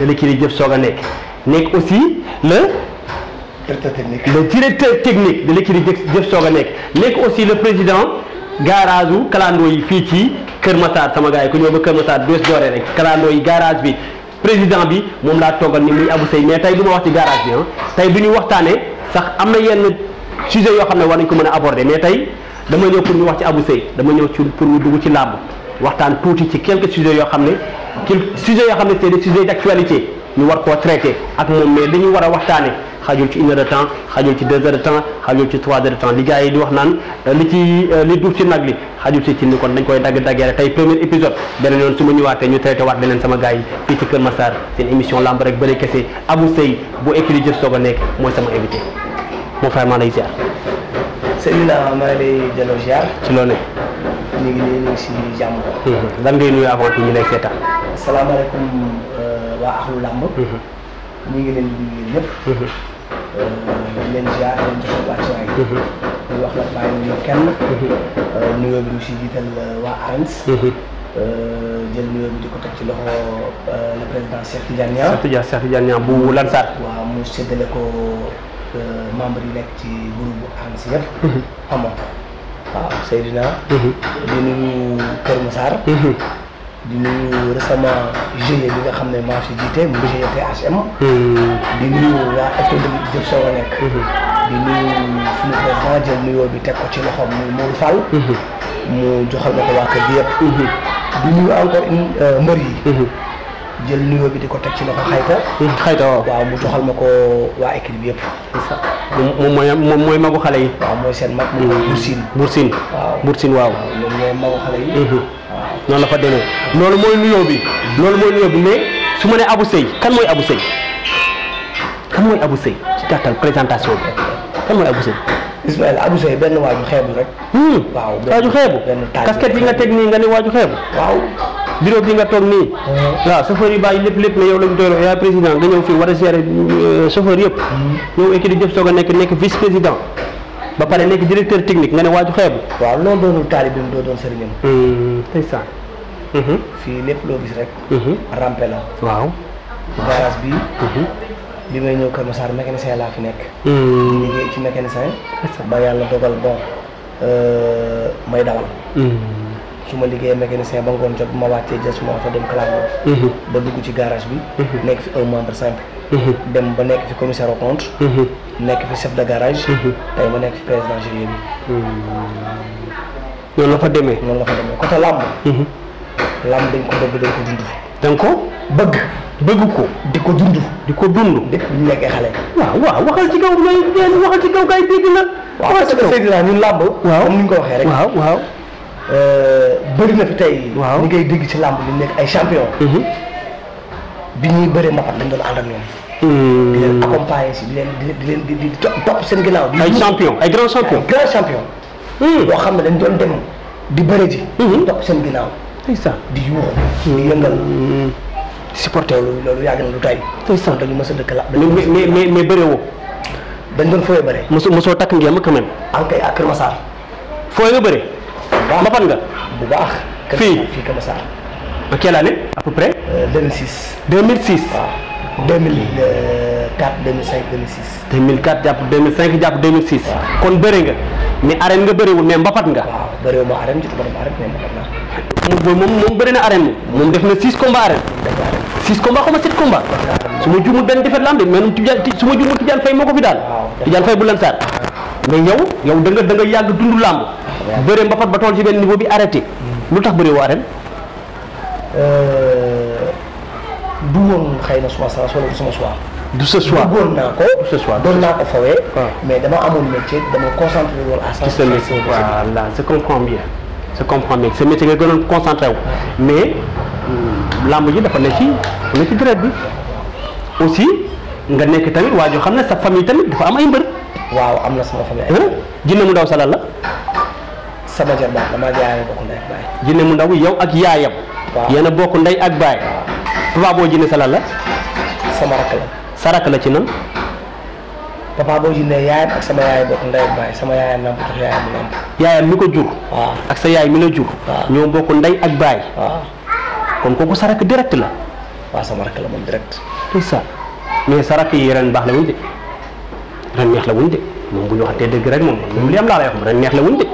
de l'équilibre Diop Soga nekk nekk aussi le. directeur technique le directeur technique de l'équilibre Diop Soga nekk nekk aussi le président garage u kalandoo yi fii ci Kër Massar sama gars yi ku ñëw ba Kër Massar doos dooree rek yi garage bi président bi moom la toggal ni muy Abou Seye mais tey du ma wax ci garage bi ah tey du ñu sax amna yenn sujet yo xam ne war nañ ko mën aborder mais tay dama ñëw pour ñu wax ci Abou Seye dama ñëw pour ñu dugg ci làmb. waxtaan tuuti ci quelques sujets yoo xam ne quelques sujets yoo xam ne c'est des sujets d'actualité ñu war koo traité ak moom mais li ñu war a waxtaane xajul ci une heure de temps xajul ci deux heures de temps xajul ci trois heures de temps li gars yi di wax naan euh, li ci euh, li duuf ci nag li xajul ci cin ni kon dañ koy dagg daggee rek tey premier épisode beneen yoon su ma ñëwaatee ñu traité waat beneen sama gars yi fii ci Kër Massar seen émission lamb rek bëri kese Abou Seye bu écrit jëf soog a nekk mooy sama invité moo fay maa lay ziar. sëñ bi maa ngi lay delloo ziar. ci loo nekk. ñu ngi leen di si jàmm. Mhm. lan ngay nuyu avant tout lay seetaan. salaamaaleykum euh, waa Axlu Làmb. Mhm. ñu ngi leen di nuyu ñëpp. Mhm. Euh, di leen ziar di wax nag bàyyi ñu kenn. Euh, nuyoo bi ñu si jiital waa jël nuyoo bi di ko teg ci loxo le président Cheikh Tidiane Niang. bu mm. Lansar. waaw mu séddale ko membre yi nekk ci groupe bu ARENS yëpp. waaw Seydina. Mhm. di nuyu Kër Massar. Mhm. di nuyu récemment GIE bi nga xam ne maa fi jiite mu GIE-PHM. di nuyu waa économie Jëf Sow a nekk. Mhm. di nuyu suñu président jël nuyoo bi teg ko ci loxo muy Mourou Fall. mu joxal ma ko waa kër gi yëpp. di nuyu encore euh, mbër yi. jël nuyoo bi di ko teg ci loxo xayta. Mm, xayta waaw waaw mu joxal ma ko waa équipe bi yëpp. moom mooy moom mooy magu xale yi. mooy seen mag. bursin mm. bursin. waaw bursin waaw. ñoom ñooy magu xale yi. Mm-hmm. noonu la fa demee loolu mooy nuyoo bi. loolu mooy nuyoo bi mais su ma nee Abou Seye kan mooy Abou Seye kan mooy Abou Seye ci gàttal présentation bi kan mooy Abou Seye. Ismaël Abou Seye benn waaju xeebu rek. Hmm. waaw nga teg nii nga ne waaju xeebu. bureau bi nga toog nii euh. waaw chauffeur yi bàyyi lépp lépp ne yow lañ doyloo yaay président nga ñëw fii war a gérer euh, chauffeur yëpp ñëw mm. équipe jëf soog a nekk nekk vice président ba pare nekk directeur technique nga ne waaju xeebu waaw loolu doonul taalib bi mu doo fii lépp loo gis rek hmm. rampe la waaw garage bi bi hmm. may ñëw Kër Massar mécanicien laa fi nekk hmm. liggéey ci mécanicien ba yàlla dogal ba euh, may dawal su ma liggéeyee mécanicien ba ngoon jot bu ma wàccee jël suma dem clando mhm. ba dugg ci garage bi mhm. nekk fi un membre simple mhm. dem ba nekk fi commissaire aux comptes nekk fi chef de garage tey ma nekk fi président jury bi hmm. noonu la fa demee noonu la fa demee côté làmb làmb dañ ko bëgg dañ ko dund dañ ko bëgg bëgg ko di ko dund di ko dund def bu nekkee xale waaw waxal ci kaw lay waxal ci kaw kay dégg la waxal ci kaw dégg la ñun làmb waaw comme ni ñu ko waxee rek waaw waaw Euh, bëri na fi tey. waaw li ngay ci làmb li nekk ay champion. Mhm. bi ñuy bëree mbapat dañ doon ànd ak ñoom. Hmm. di leen accompagner si di leen di leen di topp sen ginnaaw. ay champion ay grand champion ay grand hmm. xam ne dañ doon dem di bëri ji. Mhm. seen ginnaaw. ndeysaan di yuuxu di hmm. yëngal. supporté loolu loolu yàgg na lu tay. ndeysaan dañu mës a dëkk la. mais mais mais mais bëree woo. dañ doon fooyee bëri. mosoo mosoo takk ngeen ma quand même. en tout cas ak mbapat nga bu baax fii fii Kër Massar en quelle année à peu près 2006 2006 2004 2005 2006 2004 japp 2005 japp 2006 kon beure nga ni arène nga beurewul mais mbapat nga waaw beurew ma arène ci tuma arène mom beure na arène mom def na 6 combats arène 6 combats xama 7 combats suma jumul ben defet lambe men suma jumul tidiane fay moko fi dal tidiane fay bu lan sar mais yow yow da nga da nga yag lambe bëre mbapat ba toll ci benn niveau bi arrêté. Hmm. lu tax bëri waa ren. du woon xëy na suma saa wala du sama soir du ce soir bëggoon naa ko. du ce soir doon naa ko fawee. Ah. mais dama amoon métier dama concentré woon à. sa métier voilà je comprends bien. je comprends bien sa métier nga gënoon concentré wu. Ah. mais hmm, lamb ji dafa ne ci ne ci dërët bi. aussi nga nekk tamit waa joo xam ne sa famille tamit dafa am ay mbër. waaw am na sama famille ay hein? mbër. jinne mu daw salal la. sama jarbaat la maa ngi yaayam bokk ndey ak baay. jinne mu ndaw yow ak yaayam. waaw bokk ndey ak baay. papa boo jinne sa lan la. sama rakk la. sa rakk la ci nan. papa boo jinne yaayam ak sama ko jur. yaay mi la jur. waaw ñoo ak baay. waaw kon kooku sa rakk la. waaw sama rakk la moom direct. ndeysaan mais sa rakk yi ren baax la wuñ de ren neex la wuñ de moom bu ñu waxantee dëgg rek moom moom li am laa lay wax ren neex la wuñ de.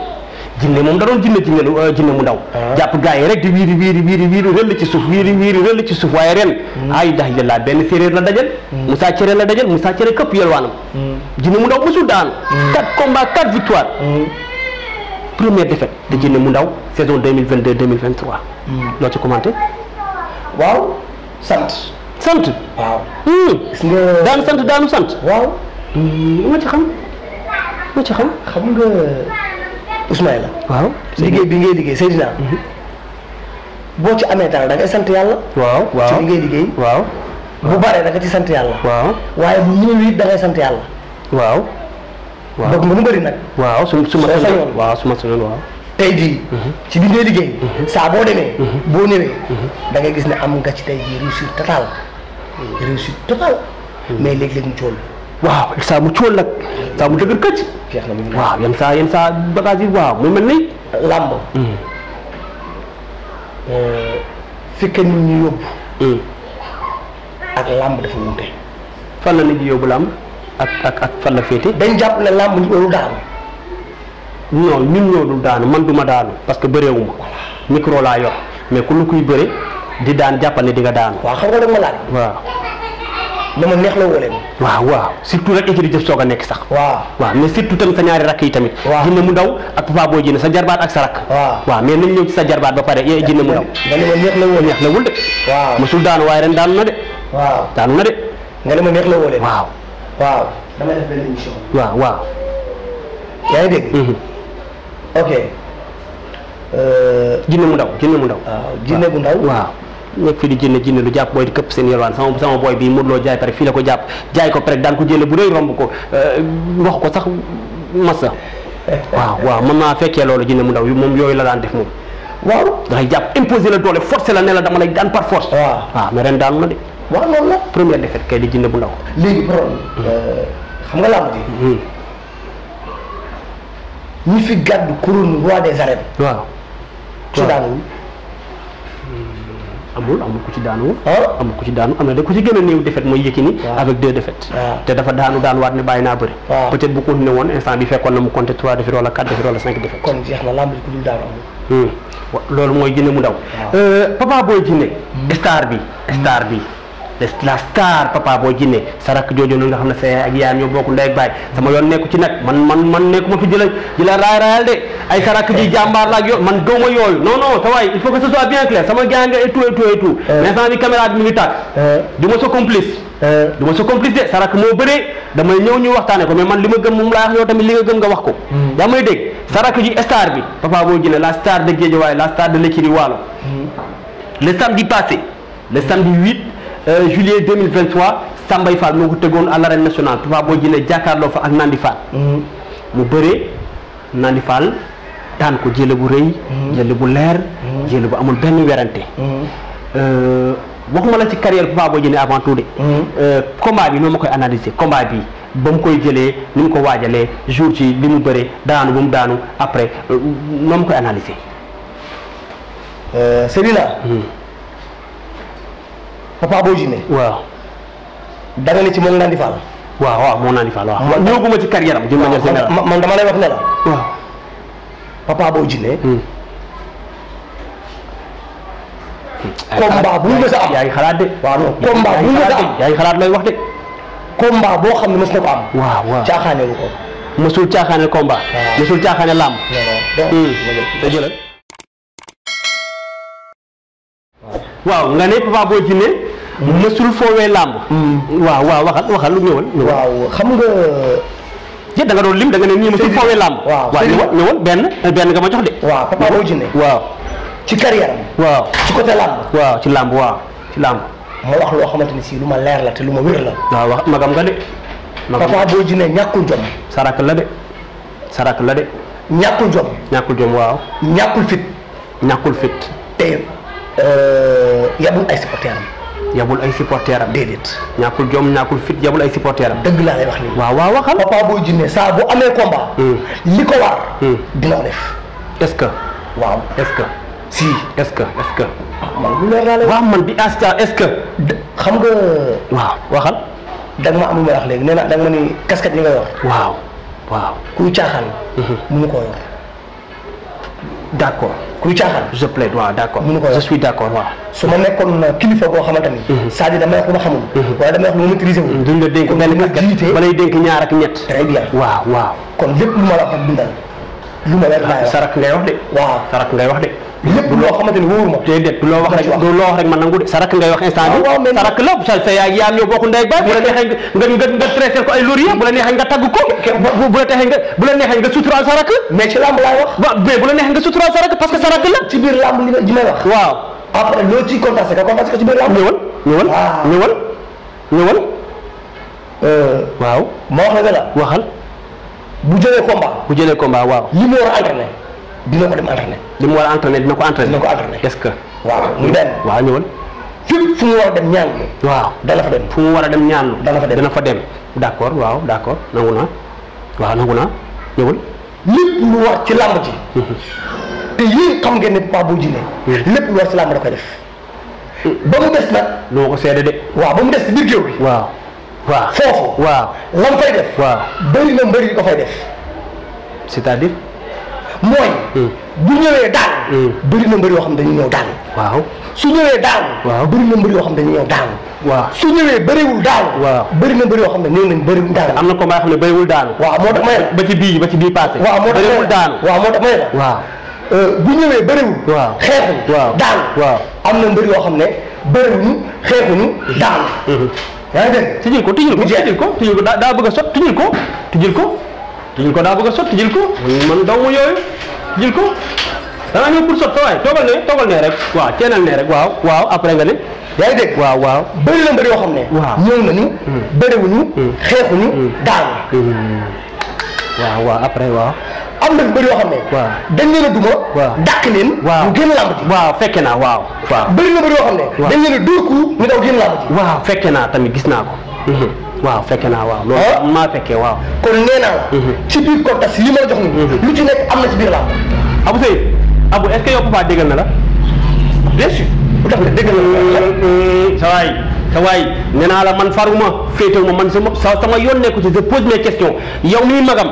jinne moom da doon jinne jinne lu euh, jinne mu ndaw ah. jàpp gars yi rek di wiiri wiiri wiiri wiiri rëll ci suuf wiiri wiiri rëll ci suuf waaye ren hmm. ay dah illallah benn séeréer la dajal hmm. Moussa Céré la dajal Moussa Céré këpp yelwaanam hmm. jinne mu ndaw musul daan quatre combats quatre victoire première défaite de jinne mu ndaw saison 2022 2023 loo ci commenté waaw sant sant waaw daanu sant daanu sant waaw ma ci xam ma ci xam xam nga la waaw liggéey bi ngay liggéey Seydina mhm. boo ci amee dara da ngay sant ci li liggéey waaw bu baree da nga ci sant yàlla waaw da ngay sant waaw waaw nag waaw su su ma sañoon waaw su ma sañoon waaw tey jii mhm. ci li ngay liggéey mhm. saa boo demee boo ñëwee da ngay gis ne am nga ci tey jii réussite totale réussite totale mais léeg-léeg mu cool waaw il saa mu cóol nag saa mu dëgër këcc. waaw yenn saa yenn saa bagage yi waaw mu mel ni. làmb. Hmm. Euh, fekke nit ñi yóbbu. Hmm. ak làmb dafa wute. fan la nit ñi yóbbu làmb ak ak fan la féete. dañ jàpp ne làmb ñu loolu daanu. non ñun ñoo dul daanu man duma daanu parce que bëreewuma micro laa yor mais ku lu kuy bëre di daan jàppal ne di nga daanu. waaw xam nga dama laaj. waaw. lu ma neex la wóole ma waaw waaw surtout rek écurie jëf soog a nekk sax waaw waaw mais surtout tamit sa ñaari rakk yi tamit jinne mu ndaw ak papa boo jinne sa jarbaat ak sa rakk waaw mais nañ sa jarbaat ba pare yee eh, jinne mu ndaw ma neex la wóole neex la wul de waaw mosul daanu waaye ren daanu na de waaw daanu na de nga ne la wóole waaw waaw dama def benn émission waaw waaw yaa ngi dégg mhm. ok euh, jinne mu ndaw jinne mu ndaw waaw jinne bu ndaw waaw nekk fi di jënne jënne lu jàpp booy di këpp seen yelwaan sama sama booy bi Modou Lo jaay pare fii la ko jàpp jaay ko pare daan ko jële bu rëy romb ko euh, wax ko sax massa waaw waaw mën naa fekkee loolu jënne mu ndaw yi moom yooyu la daan def moom waaw dangay jàpp imposer la doole forcer la ne la dama lay daan par force waaw waaw ren daanu na de waaw loolu la première défaite kay di jënne bu ndaw léegi problème hmm. euh, xam nga làmb ji hmm. ñi fi gàddu couronne roi des arènes waaw amul amul ku ci daanu. Ah. amul ku ci daanu am na de ku ci gën a néew défaite mooy Yékini ah. avec deux défaites ah. te dafa daanu daan waat bàyyi naa bëri peut-être bu continué woon instant bi fekkoon na mu compté trois défaites wala quatre défaites wala cinq défaites kon hmm. loolu mooy jinne mu daw euh, Papa Boy Djiné hmm. star bi star bi la star Papa Boy Djiné sa rakk jooju nga xam ne sa yaayam ñoo bokk ndey ak baay sama yoon nekku ci nag man man man nekku ma fi jëla ay karak bi jàmbaar la ak man gëw yoy. non non sa waay il faut que ce soit bien clair sama gars nga et tout et tout et tout. mais euh. instant bi caméra bi mi ngi tàkk. du euh. complice. du ma sa complice ça euh. sarak moo bëree damay ñëw ñu waxtaane ko mais man li ma gëm moom laa wax yow tamit li nga gëm nga wax ko. Hmm. yaa may dégg ji star bi Papa vous Djiné la star de Guédiawaye la star de l'écurie hmm. le samedi passé le samedi 8 juillet 2023 Sambay Fall nous avons tëggoon à l'arène nationale Papa Boy Djiné jàkkaarloo fa ak Nandi Fall. Hmm. mu bëree Nandi Fall daan ko jële bu rëy hmm. jële bu leer hmm. jële bu amul benn hmm. euh waxuma la ci carrière Papa bo Djiné avant tout euh combat bi noo ma analyser combat bi bam koy jëlé nim ko wajalé jour ci li mu daanu ba mu daanu après euh, noo ma koy analyser euh, celui-là Papa bo Djiné waaw da nga ni ci mo naan di waaw waaw mo naan di faal waaw ñëwaguma ci carrière am d'une manière générale man dama lay wax né la waaw Papa Boy Djiné. Hmm. combat bu mu mës a am yaay xalaat de. waaw bu mu mës a am xalaat looy wax de. combat boo xam ne mës na ko am. waaw waaw waaw waxal waxal lu ñëwal. waaw xam nga. ji da nga doon lim da nga ne nii mosul foowee làmb waaw ñu woon benn benn nga ma jox de waaw Papa Boy Djiné waaw ci carrière waaw ci côté làmb waaw ci làmb làmb ma wax loo xamante ni si lu ma leer la te lu ma wér la wax magam nga de Papa Boy Djiné ñàkkul jom sarak la de sarak la de ñàkkul jom ñàkkul fit ñàkkul fit te euh, yabul ay supporters am yabul ay supporter am déedéet ñàkkul jom ñàkkul fit yabul ay supporter am dëgg laa lay wax nii waaw waaw waxal Papa saa bu amee hmm. hmm. ce que waaw est-ce que ce que est que man leer bi asta est-ce que xam nga waaw waxal da nga am lu may wax léegi nee na da nga ma nga yor waaw waaw kuy caaxaan mënu hmm. koo yor d' accord kuy caaxaan. je plaide waaw d' accord. mënu ko je suis d' accord waaw. su ma nekkoon kilifa boo xamante ni. Mhm. c'est-à-dire damay wax lu ma xamul. Mhm. damay wax lu ma maîtriser wu. duñ la dénk mel ni ma lay dénk ñaar ak ñett. très bien waaw waaw. kon lépp lu ma la wax lu ma wax sarak ngay wax de. waaw sarak ngay wax de. lépp loo xamante ni wóoru ma du loo wax rek du loo wax rek man nangu de sarak ngay wax instant ah, sarak la sa sa yaay yaam ñoo bokk ndey bu la neexee nga nga nga traité ko ay laurier bu la nga tagg ko bu la neexee nga bu la sarak mais lamb laay wax waaw mais bu la neexee nga suturaal sarak parce sarak la ci lamb li ji may wax waaw après loo ci contacté ka contacté ko ah. euh, waaw ma wax la waxal bu jëlee combat. bu jëlee komba waaw. li mu war a entraîné dina ko dem entraîné. li mu war a entraîné dina ko entraîné. dina ko entraîné est-ce que. waaw muy benn. waaw ñëwal. fépp fu mu a dem ñaan. waaw dana war a dem ñaan. dana dana fa dem. d'accord waaw d'accord nangu naa waaw nangu naa ñëwal. lépp lu war ci làmb ji. Mhm. te yéen xam ngeen ne Papa Boy Djiné. lépp lu war ci làmb da koy def. Mm. ba mu des nag. noo ko seede de. waaw ba mu des ci biir géew bi waaw. waaw foofu. waaw la mu fay def. waaw bëri na mbëri ko fay def. c'est-à-dire. mooy. Hmm. bu ñëwee daan. Hmm. bëri na mbëri yoo xam dañu ñëw daan. waaw su ñëwee daan. waaw bëri na mbëri yoo xam dañu ñëw daan. waaw su ñëwee bëriwul daal. waaw bëri na bëri yoo xam ne nee nañ bëriwul daal. am na combat yoo xam ne bëriwul daal. waaw moo tax may la ba ci bii ba ci moo tax may la waaw moo tax euh, bu ñëwee bëriwul. waaw xeexuñ. waaw daal. waaw am xam ne bëriwuñu xeexuñu hmm. yaa ngi dégg tijjil ko tijjil ko tijjil ko tijjil daa bëgg a sot tijjil ko tijjil ko tijjil ko daa bëgg a sot tijjil ko man daw ma yooyu tijjil ko danaa ñëw pour sot sa waay toogal ne toogal ne rek waa ceenal ne rek waaw waaw après nga ne yaa ngi waaw waaw bëri na mbër yoo xam ne waaw ñëw nañu hmm. bëriwuñu hmm. xeexuñu hmm. daal waaw waaw après waaw am na bëri yoo ne. dañ leen a duma. waaw dàq leen. waaw fekke naa waaw. waaw bëri na bëri yoo xam ne. waaw dañ leen a dóor ku ñu daw génn làmb naa tamit gis naa ko. Mhm. waaw fekke naa waaw. loolu ah. maa fekkee waaw. kon nee naa la. Mhm. ci biir Cortes li ma jox nii. Mhm. lu ci am na ci biir làmb. Abou Seye Abou est-ce que yow Papa na la. bien sûr. bu tax déggal na la. Euh, euh, sa waay sa naa la man faruma féetewu ma man sa sama sama yoon nekku ci je pose mes questions yow mii magam.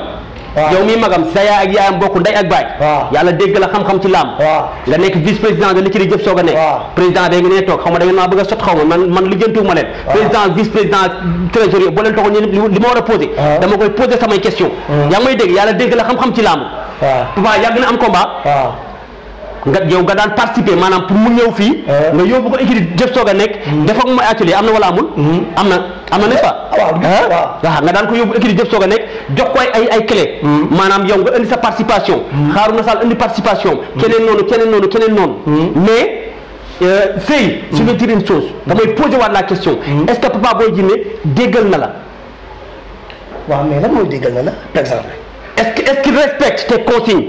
yow mi magam sa yaay ak yaayam bokk nday ak baay yàlla dégg la xam-xam ci laam nga nekk vice président de l'écurie Jëf Soga nekk président ba ngi nee toog xaw ma da ngeen maa bëgg a sot xaw ma man man lijjantuwuma leen président vice président trésorier boo leen toogoon ñeen li ma war a posé dama koy posé samay question mm. yaa ngi may dégg yàlla dégg la xam-xam ci laam papa yàgg na am combat nga yow nga daan participer manam pour mu ñew fi eh. nga ko équipe jëf soga nek hmm. def ak atelier amna wala amul. à la nest pas. Ah, eh? nga daan ko équipe jëf soga a jox koy ay ay clé. Hmm. manam yow indi sa participation. Hmm. na indi participation. keneen nonu keneen nonu keneen non. mais je veux dire une chose. Je posé la question. est-ce que Papa Boy Djiné déggal na la. mais là, par que est-ce qu'il respecte tes consignes.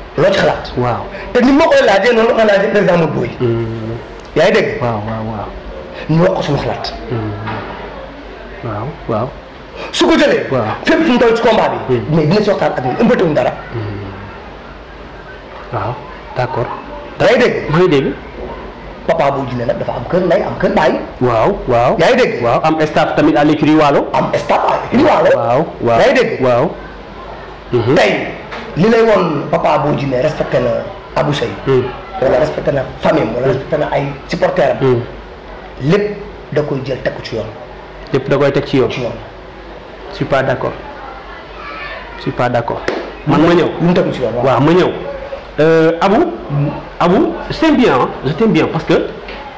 loo ci xalaat. waaw te ni ma koy laajee noonu la ma laajee président Modou Boye. Mm-hmm. yaa ngi dégg. waaw waaw waaw. ñu wax ko suñu xalaat. Mm-hmm. waaw waaw. su ko jëlee. waaw fépp fu mu toll ci combat bi. Mm-hmm. mais dina ci waxtaan ak ñun ëmbatul dara. waaw d'accord. yaa ngi dégg maa ngi dégg. papa boo jëlee nag dafa am kër lay am kër baay. waaw waaw yaa ngi dégg. waaw am staff tamit à l'écurie Waalo. am staff à l'écurie Waalo. waaw waaw yaa ngi dégg. waaw tey. li lay woon papa boo jinne respecté na Abou Seye mm. wala respecté na famille wala respecté na ay supporter am mm. lépp da koy jël teg ci yoon lépp da koy teg ci yoon ci yoon je suis pas d'accord je suis pas d'accord man ma ñëw lu mu tegu ci yoon waaw ma ñëw euh, Abou Abou je t'aime bien je t'aime bien parce que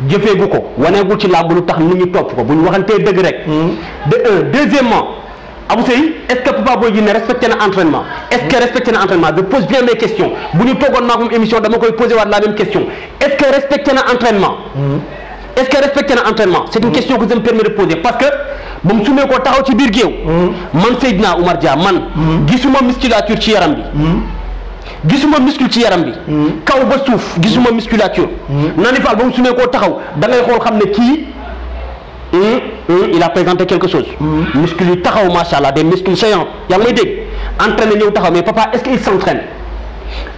jëfee gu ko waneegul ci làmb lu tax nit ñi topp ko bu ñu waxantee dëgg rek. Hmm. de un euh, deuxièmement Abou Seye est-ce que Papa Boy Djiné respecté na entraînement. est-ce que hmm. respecté na entraînement je pose bien mes questions bu ñu toogoon maa moom émission dama koy poser waat la même question est-ce que respecté na entraînement. Hmm. est-ce que respecté na entraînement. c'est une question que je me permets de poser parce que ba mu sumee ko taxaw ci biir géew. man Seydina Oumar Dia man. gisuma musculature ci yaram bi gisuma muscle ci yaram bi. Hmm. kaw ba suuf hmm. gisuma musculature. Hmm. Nani Fall ba mu sumee taxaw da ngay xol xam ki il a présenté quelque chose. muscle yi taxaw macha allah des muscles saillants yaa ngi may entraîné ñeu taxaw mais papa est-ce qu'il s'entraîne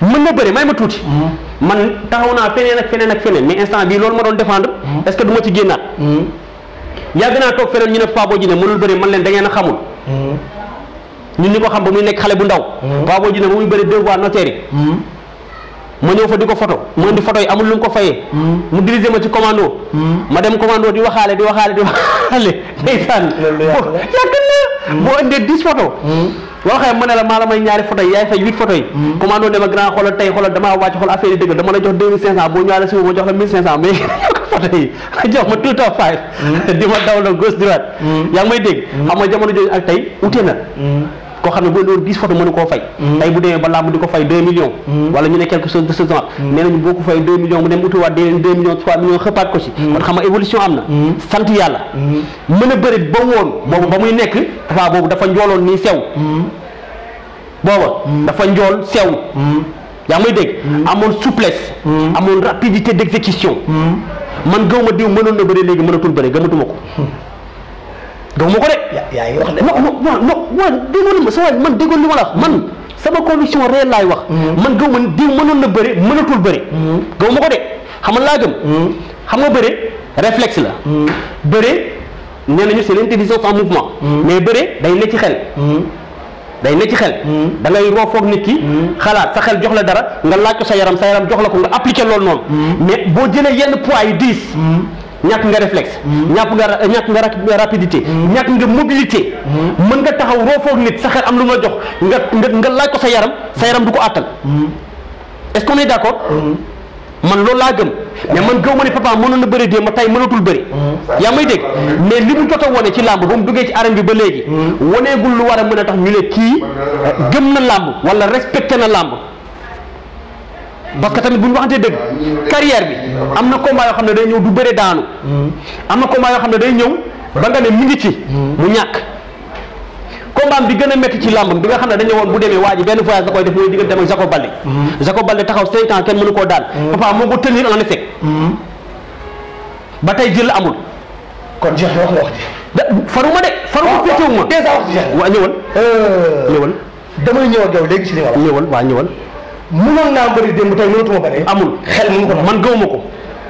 mën na bëre may ma tuuti. man taxaw na fenen ak fenen ak fenen mais instant bi loolu ma doon défendre. est-ce que duma ci génnaat. yàgg naa toog feneen ñu ne Fapal ji ne mënul bëre man len da ngay na xamul. ñun ñu ko xam ba muy nekk xale bu ndaw Papa Boy Djiné ba muy bëri deux voies yi mm-hmm. ma ñëw fa di ko photo mu indi photo yi amul lu mu ko fayee mm-hmm. mu dirigé ma ci commando mm-hmm. ma dem commando di waxaale di waxaale di waxaale ndeysaan yàgg na boo indee dix photo boo waxee ma ne la maa la ma grand xoolal tey xoolal damaa wàcc xool affaire yi dëgg dama la jox deux mille cent boo ñëwaale suba ma jox la mille cinq cent mais photo yi jox ma tout temps five di ma daw la gauche droite yaa may dégg xam nga jamono jooju ak tey ute na koo xam ne boo doon 10 photos mënu koo fay hmm. tey bu demee ba làmb di ko fay 2 millions hmm. wala ñu ne quelque chose de ce hmm. boo ko fay 2 millions mu dem utiwaat yeneen 2 millions 3 millions xëppaat am na sant yàlla mën a bëri ba woon boobu ba muy nekk dafa boobu dafa njooloon nii sew booba dafa njool sew yaa may dégg amoon souplesse amoon rapidité d'exécution man gëw ma diw mënoon na bëri léegi mënatul bëri gëmatuma ko gaw ma ko de. yaa ngi wax de non non déggoon ma sa li ma la man mm-hmm. sama conviction réelle laay wax. Mm-hmm. man gaw ma diw manoon na bëri mënatul bëri. Mm-hmm. gaw ma ko de xam nga laa gëm. xam nga bëri réflexe la. bëri nee nañu c'est l'intelligence en mouvement. mais bëri day ne ci xel. day ne ci xel. da ngay roofoog nit ki. xalaat sa xel jox la dara nga laaj ko sa yaram sa yaram jox la ko nga appliqué loolu noonu. mais boo jëlee yenn poids yu diis. ñàkk nga réflexe. Mm-hmm. ñàkk nga euh, ñàkk nga rapidité. Mm-hmm. ñàkk nga mobilité. Mm-hmm. mën nga taxaw roofoog nit sa xel am lu ma jox nga nga nga laaj ko sa yaram sa yaram du ko àttal. est-ce qu'on est d'accord. man loolu laa gëm mais man gëw ma ne papa mënoon na bëri dee ma tay mënatul bëri. yaa may dégg mais li mu jot a wane ci làmb ba mu duggee ci arène bi ba léegi. waneegul lu war a mën a tax ñu ne kii gëm na làmb wala respecté na làmb. parce que tamit bu ñu waxantee dëgg carrière bi am na combat yoo xam ne day ñëw du bëre daanu. Hmm. am na combat yoo xam ne day ñëw ba nga ne mi ngi ci. Hmm. mu ñàkk combat bi gën a métti ci làmbam bi nga xam ne dañu woon bu demee waa ji benn voyage da koy def mooy diggante ak Jacob Baldé. Hmm. Jacob Baldé taxaw 5 ans kenn mënu koo daan. papa moo ko tenir en effet. ba tey jël amul. kon jeex wax nga wax ji. da faruma de. faruma féetewuma. dèjà wax waa ñëwal. Euh, ñëwal. damay ñëw ak yow léegi ci waa ñëwal. mënon na bëri dem tay lotuma bëre amul xel mu ko man gëwuma ko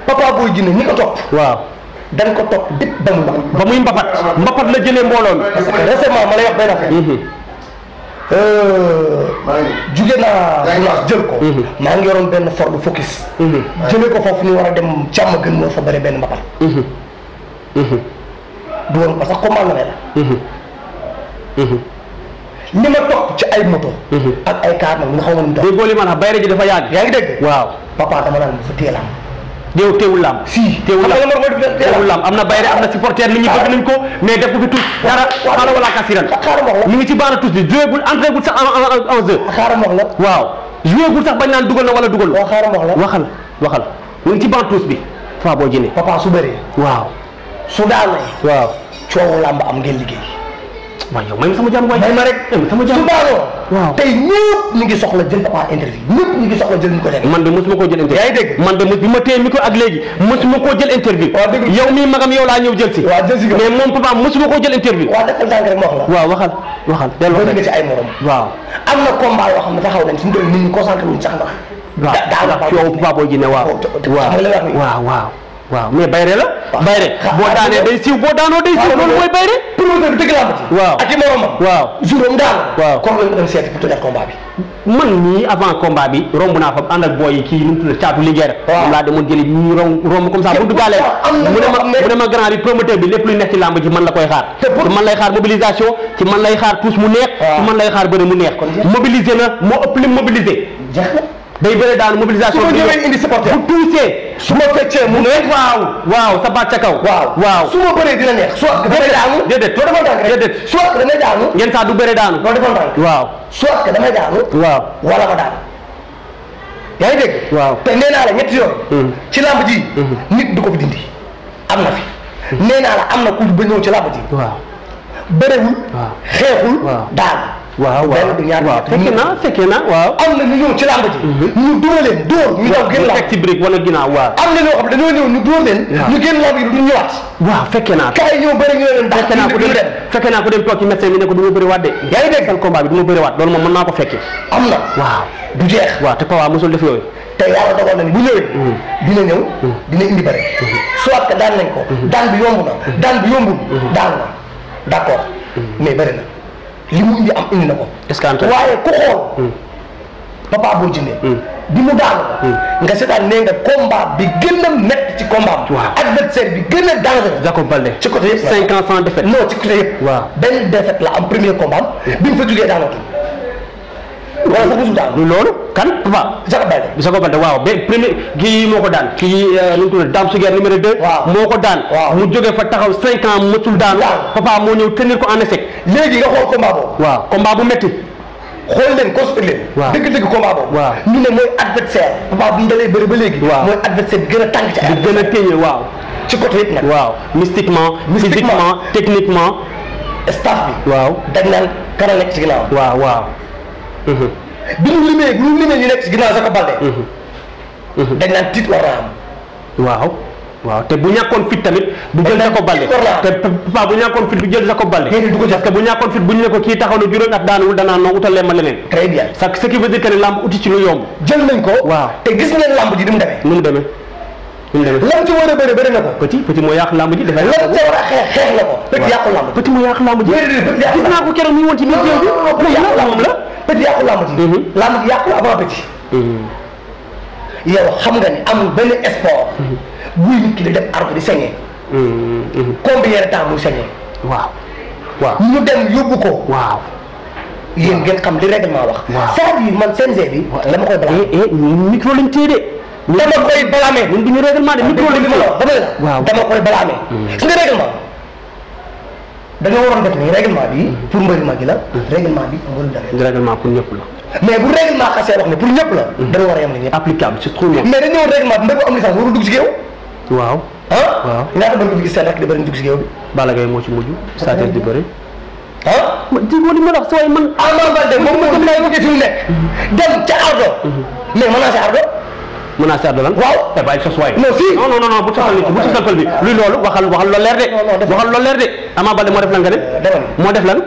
papa boy jinne ñi ko top waaw dañ ko top dip ba mu ba muy mbapat mbapat la jëlé mbolon récemment ma lay wax ben affaire mhm. euh jugé na jël ko mhm. ma ngi yoron ben ford focus mhm. jëlé ko fofu ni wara dem cham gën mo fa bëre ben mbapat du won parce que comment la li ma topp ci ay moto. Mhm. ak ay kaar nag mun xaw ma nu mu toll. déggoo li maanaam bayre ji dafa yàgg. yaa ngi dégg waaw papa dama naan fa téye lamb. déew teewul lamb. si teewul lamb teewul lamb am na bayre am na supporter nit ñi bëgg nañ ko ah. mais def ko fi tuut. dara xaaral wala kasiran. ñu ngi ci baara tuut bi joué gul entré gul sax en en en jeu. xaaral wax la. waaw joué gul sax bañ naan dugal na wala dugal. waaw xaaral wax la waxal waxal ñu ngi ci baara tuut bi. Faa boo jëlee. papa su bëree. waaw su daanee. waaw coowu lamb am ngeen liggéey waaw yow may ma sama jàmm waay. may ma rek may ma sama jàmm su baaloo. waaw tey ñëpp ñu ngi soxla jël papa interview ñëpp ñu ngi soxla jël ñu ko def. man de mosuma koo jël interview. yaa ngi dégg bi ma téye magam yow laa ñëw jël si. waaw jël si mais moom papa mosuma koo jël interview. waaw waxal waxal. delloo rek nga yoo xam ne taxaw nañ suñu toll nit ñi concentré wuñ sax ndax. waaw daa daa la baax yow waaw waaw waaw mais bayre la. waaw bayre boo daanee day siiw boo daanoo day siiw loolu mooy bayre. promoteur bi dëgg laa ci. waaw ak i moromam. waaw waaw la ñu dem seeti pour tëjaat combat bi. man nii avant combat bi romb naa fa ànd ak booy kii nu mu tudd caatu Linguère. waaw moom laa demoon jëli ñu bi lépp luy nekk ci làmb ji man la koy xaar. ci man lay xaar mobilisation ci man lay xaar tous mu neex. ci man lay xaar bëri mu neex. mobiliser na moo ëpp lim mobiliser. day bëre daanu mobilisation. su ma ñëwee indi supporter bu tuusee. su ma feccee mu ne. waaw waaw sa baat ca kaw. waaw waaw su ma bëree dina neex. soit damay daanu déedéet soo defoon tànk déedéet. soit damay daanu. ngeen waaw. soit damay daanu. waaw wala ma daanu. yaa ngi dégg. waaw te nee naa la ñetti yoon. Hmm. ci làmb ji. Hmm. nit du ko fi dindi. am na fi. Hmm. nee naa la am na ku ba ñëw ci làmb ji. waaw bërewul. waaw daanu. waaw waaw waaw fekkee naa fekkee naa waaw. am na ñu ñëw ci làmb ji. Mhm. ñu dóor leen dóor ci brique wala ginnaaw waaw. am na ñoo xam dañoo ñëw ñu dóor leen. ñu génn làmb yi duñ ñëwaat. waaw fekkee naa. kaay ñëw bëri ñu leen fekkee ko dem fekkee naa ko dem toog ci médecin bi ne ko du ma bëri waat de. yaa ngi dégg seen combat du ma bëri waat loolu moom mën ko fekkee. am na waaw. du jeex waaw te Pawa mosul def yooyu. te yàlla dogal na ni bu ñëwee. Mhm. dina ñëw mhm. dina indi bëri. soit que daan nañ ko. dal bi yomb na daan bi yombul daan na d'accord mais bëri na li mu indi am indi na ko. waaye ku xool. Hmm. Papa Boy Djiné. bi mu daanu. Hmm. nga seetaan nee nga combat bi gën a métti ci combat bi. waaw adversaire bi gën a dangereux. Jacob Baldé ci côté yëpp. cinq ans sans défaite. non ci côté yëpp. benn défaite la am premier combat bi mu fa jugee daanaka. wala sax musu daan loolu kan papa Jacob Baldé Jacob Baldé waaw ba premier moo ko daan kii euh, nu mu tudd Dame Suguer numéro 2 moo ko daan mu jógee fa taxaw cinq ans mësul daanu papa moo ñëw tenir ko en échec léegi nga xool combat boobu waaw combat bu métti xool leen constaté leen dëgg-dëgg combat boobu waaw ñu ne mooy adversaire papa bi dalay ba léegi mooy adversaire bi gën a tàng ci bi gën a téye waaw ci côté yëpp nag waaw mystiquement physiquement techniquement staff bi waaw dañ naan kan a nekk ci bi mu limee bi mu limee ñu nekk si ginnaaw Saka Balde. dañ naan tiit war am. waaw. waaw te bu ñàkkoon fit tamit du jël Jacob Baldé te papa bu ñàkkoon fit du jël Jacob Baldé parce que bu ñàkkoon fit bu ñu ne ko kii taxaw na juróomi at daanul danaa noo utalee ma leneen très bien ça ce qui veut dire que ne lamb uti ci lu yomb jël nañ ko waaw te gis ngeen lamb ji ni mu demee mu demee lam ci war a bëri bëri petit petit moo yàq lamb ji lam ci petit lamb petit lamb ji gis ko mi ci bi la bët yàqu lamb ji. lamb ji yàqu avant bët yow xam nga ni amul benn sport. buy nit ki di def mhm, mhm. arbre di sañee. combien de temps muy sañee. waaw waaw ñu dem yobbu ko. waaw. yeen ngeen xam li règlement wax. waaw cest man dire zé bi. dama koy blâmer. ñun micro lañ téye dé dama koy blâmer. ñun du ñu règlement de micro lañ téye. dama koy blâmer. waaw dama koy blâmer. règlement. dañoo waroon def nii règlement bi pour mbëri gi la règlement bi mbaru dafee règlement pour ñëpp la mais bu règlement xasee wax ne pour ñëpp la dañoo war a yem ne applicable c'est trop bien mais dañoo règlement bi mbër bu am licence warul dugg ci géew waaw ah waaw ñaata mbër bi gis seen rek di bëri dugg ci géew bi Balla Gaye moo ci mujj saatee di bëri ah diwa li ma wax si waaye man Ama Baldé moom moom lay waxee fi mu nekk dem ca Ardo mais mën naa si Ardo menacer de lan. waaw te eh, bàyyi sos waay. non si non non non bu sosal nit bu sosal pël bi luy loolu waxal waxal loolu leer de. waxal loolu leer de Ama Baldé moo def lan nga ne. moo def lan.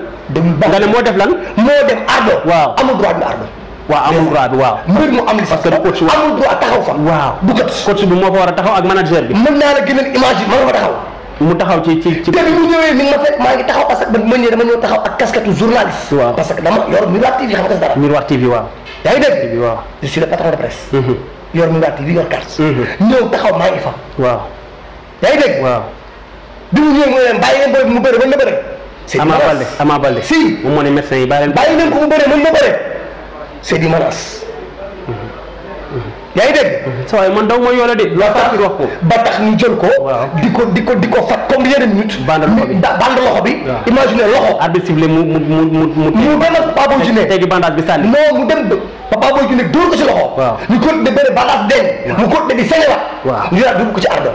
nga ne moo def lan. moo def ardo. waaw amul droit bi ardo. waaw amul droit bi waaw. mbir mu am li parce que coach amul droit taxaw fa. waaw du coach. coach bi moo fa war a taxaw ak manager bi. mën naa la gënal image ma nga fa taxaw. mu taxaw ci ci ci. te bi mu ñëwee mi ngi ma fekk maa ngi taxaw parce que man ma ñëwee dama ñëw taxaw ak casquette journaliste. waaw parce que dama yor Miroir TV xam nga dara. Miroir TV waaw. yaa ngi dégg. waaw je suis le patron de presse. Mhm. yor Moumbaa TV yor carte. Mhm. ñëw taxaw maa ngi fa. waaw yaa ngi dégg. waaw bi mu ñëw mu leen bàyyi leen bëri mu bëri ba mu bëri. c' est du menace Ama Baldé Ama Baldé si. moom moo ne médecin yi bàyyi leen ko mu bëri ba mu bëri yaa ngi deg mhm. sa waay man daw ma yoo la de. loo tax ko ba tax ñu jël ko. di ko di ko di ko fat comme yeneen nit. bande loxo bi bande loxo bi. imagine loxo. arbitre sifflé mu mu mu mu mu. mu tegi bandage bi sànni. non mu dem ba Pape Jine dóor ko ci loxo. waaw ñu continué benn bandage denc. mu continué di sañewaat. waaw ñu daal dugg ko ci ardo.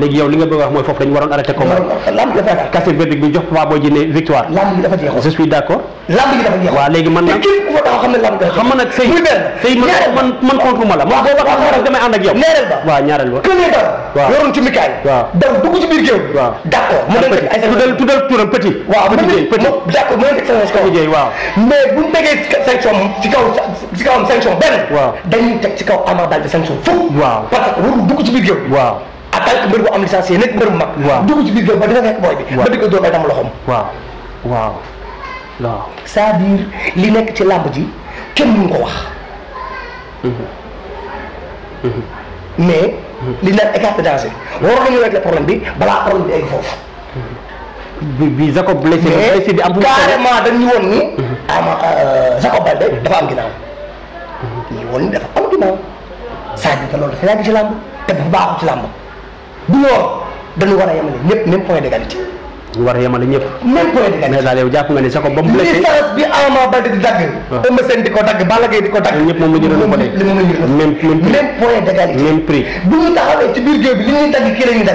léegi yow li nga bëgg a wax mooy foofu dañu waroon arrêté combat lamb dafa jeex kase verdict bi jox Papa Boy Djiné victoire lamb gi dafa jeexoon je suis d' accord lamb gi dafa jeexoon waaw léegi man nag xam nga nag man man ma la ma boo wax rek damay ànd ak yow ñaareel ba waaw ñaareel ba këlee daw waaw yoroon ci mikaay waaw daw dugg ci biir géew waaw d' accord mu tudal tudal turam petit waaw petit petit d' accord mu nekk sanction jëy waaw mais bu ñu tegee sanction ci kaw ci kawam sanction benn waaw dañuy teg ci kaw Ama Baldé sanction fukk waaw parce que warul dugg ci biir géew en tant que mbër bu am licencié nekk mbër bu mag. waaw dugg ci biir géew ba di fa fekk booy bi. ba di ko dóor ay dam loxoom. li nekk ci làmb ji kenn mënu ko wax. Mm-hmm. Mm-hmm. mais. Mm-hmm. li ñu naan écart de balaa problème bi egg foofu. bi bi Jacob bi am. bu carrément dañu woon ni. ama ah, euh, Jacob Baldé dafa am ginnaaw. ñu woon ni dafa am ginnaaw. c'est-à-dire que loolu ci làmb te bu baaxul ci làmb. bu loolu dañu war a yemale ñëpp même point d'égalité. ñu war a yemale ñëpp. même point d'égalité mais daal yow jàpp nga ne sa ko ba mu di dagg. waaw ah. di ko dagg Balla Gaye di ko dagg. ñëpp moom la ñu doon ko dee moom la ñu doon même même point d'égalité biir géew bi dagg kii la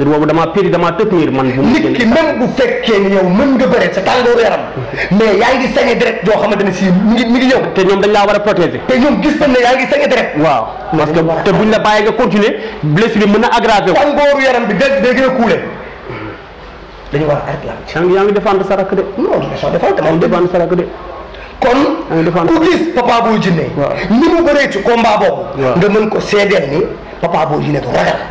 sëñ boobu dama piri dama tëtmiir man. bu nit ki même bu fekke ni yow meun nga bëre sa tàngooru yaram mais yaay ngi sañe direct jo xamanteni ne si mi ngi mi ngi yow te ñom dañ la wara protéger. te ñom gis tan ne yaay ngi sañe direct waaw parce que te buñ la bàyyee nga continuer blessure meuna mën na aggraver. tàngooru yaram bi day day gën a kuule. dañu war a arrêté la. yaa ngi défendre sa rak de. non non défendre défendre sa rak de. kon ku gis Papa Boy jinné ni mu bëré ci combat bobu nga mën ko sédel ni Papa Boy jinné du ragal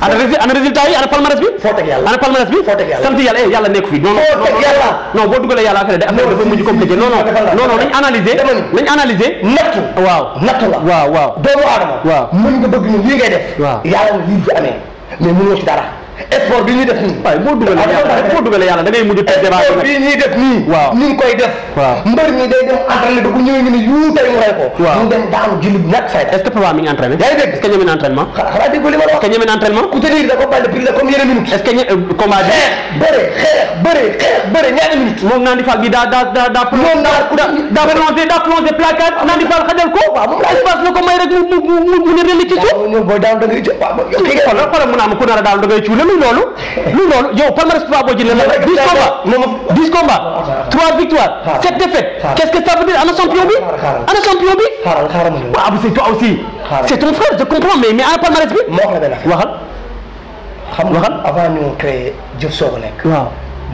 ana ana résultat yi ana palmarès bi. foo teg yàlla ana palmarès bi. foo teg yàlla sant yàlla eh yàlla nekk fi. non non boo dugalee yàlla affaire day affaire dafa mujj compliqué non non. non non nañ nañ analyser. nattu. waaw waaw waaw doomu aadama. bëgg ñu lii ngay def. waaw yàlla lii bi amee mais mënoo dara. effort bi ñuy def nii. waaye boo dugalee yàlla boo dugalee yàlla da ngay nii. koy def. waaw mbër mi day dem mi ngi entraîné. yaa ngi dégg est-ce que ñeme na entraînement. ma ku te nii da ko bàyyi prix la comme yeneen minute. est-ce que ñe euh, combat bi. xeex bëre xeex bëre xeex bëre ñaari minute. moom Nandi Fall bi daa daa daa daa. moom daa daa plongé daa plongé placard Nandi Fall xajal ko. waaw moom espace la ko mu mu mu mu ne relli ci suuf. lu loolu lu loolu yow palmarès Papa Boy Djiné la 10 combats 10 combats 3 victoires 7 défaites qu'est-ce que ça veut dire ana champion bi ana champion bi waaw c'est toi aussi c'est ton frère je comprends mais mais ana ah, palmarès bi moo wax la benn waxal xam nga avant ñu créé Jëf Sogo nekk waaw